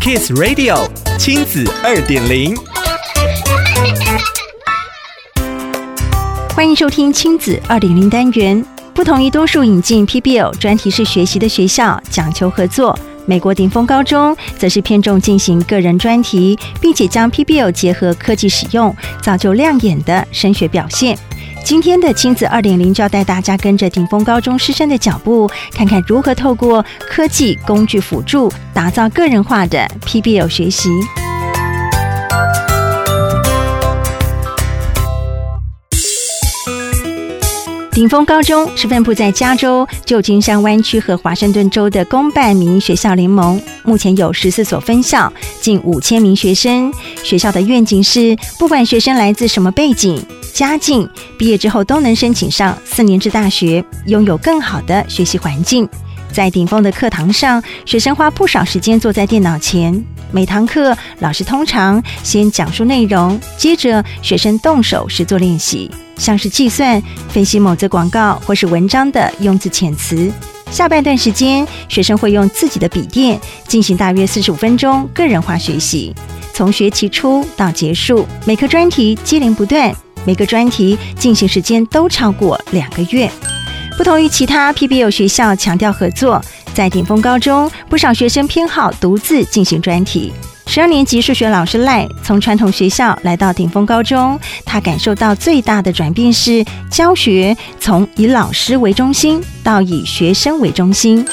Kiss Radio 親子二點零，歡迎收聽親子二點零單元。不同於多數引進 PBL 專題式學習的學校，講求合作，美國頂峰高中則是偏重進行個人專題，並且將 PBL 結合科技使用，造就亮眼的升學表現。今天的親子二點零就要帶大家跟着頂峰高中師生的腳步，看看如何透過科技工具輔助，打造個人化的 PBL 學習。頂峰高中是分布在加州舊金山灣區和華盛頓州的公辦民營學校聯盟，目前有十四所分校，近五千名學生。學校的願景是，不管學生來自什麼背景。家境畢業之後都能申請上四年制大學，擁有更好的學習環境。在頂峰的課堂上，學生花不少時間坐在電腦前。每堂課，老師通常先講述內容，接着學生動手實做練習，像是計算、分析某則廣告或是文章的用字遣詞。下半段時間，學生會用自己的筆電進行大約四十五分鐘個人化學習，從學期初到結束，每科專題接連不斷。每個專題進行時間都超過兩個月。不同於其他 PBL 學校強調合作，在頂峰高中，不少學生偏好獨自進行專題。十二年級數學老師賴從傳統學校來到頂峰高中，他感受到最大的轉變是教學從以老師為中心到以學生為中心。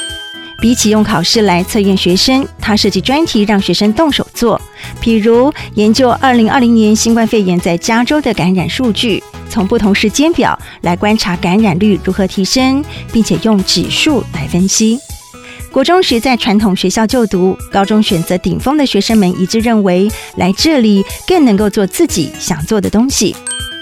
比起用考試來測驗學生，他設計專題讓學生動手做，比如研究二零二零年新冠肺炎在加州的感染數據，從不同時間表來觀察感染率如何提升，並且用指數來分析。國中時在傳統學校就讀，高中選擇頂峰的學生們一致認為，來這裡更能夠做自己想做的東西。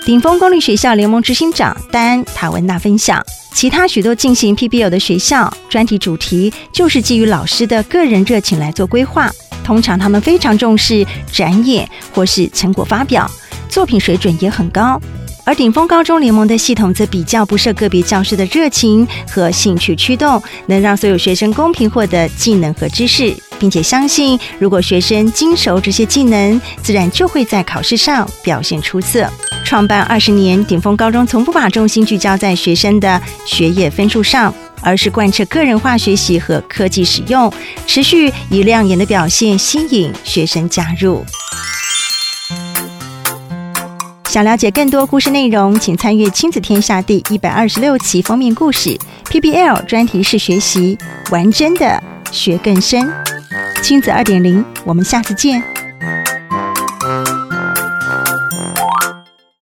頂峰公立學校聯盟執行長丹塔文納分享，其他許多進行 PBL 的學校，專題主題就是基於老師的個人熱情來做規劃。通常他們非常重視展演或是成果發表，作品水準也很高。而頂峰高中聯盟的系統則比較不設個別教師的熱情和興趣驅動，能讓所有學生公平獲得技能和知識。並且相信，如果學生精熟這些技能，自然就會在考試上表現出色。創辦二十年，頂峰高中從不把重心聚焦在學生的學業分數上，而是貫徹個人化學習和科技使用，持續以亮眼的表現吸引學生加入。想了解更多故事內容，請參閱《親子天下》第一百二十六期封面故事 PBL 專題式學習，玩真的學更深。親子二點零，我們下次見。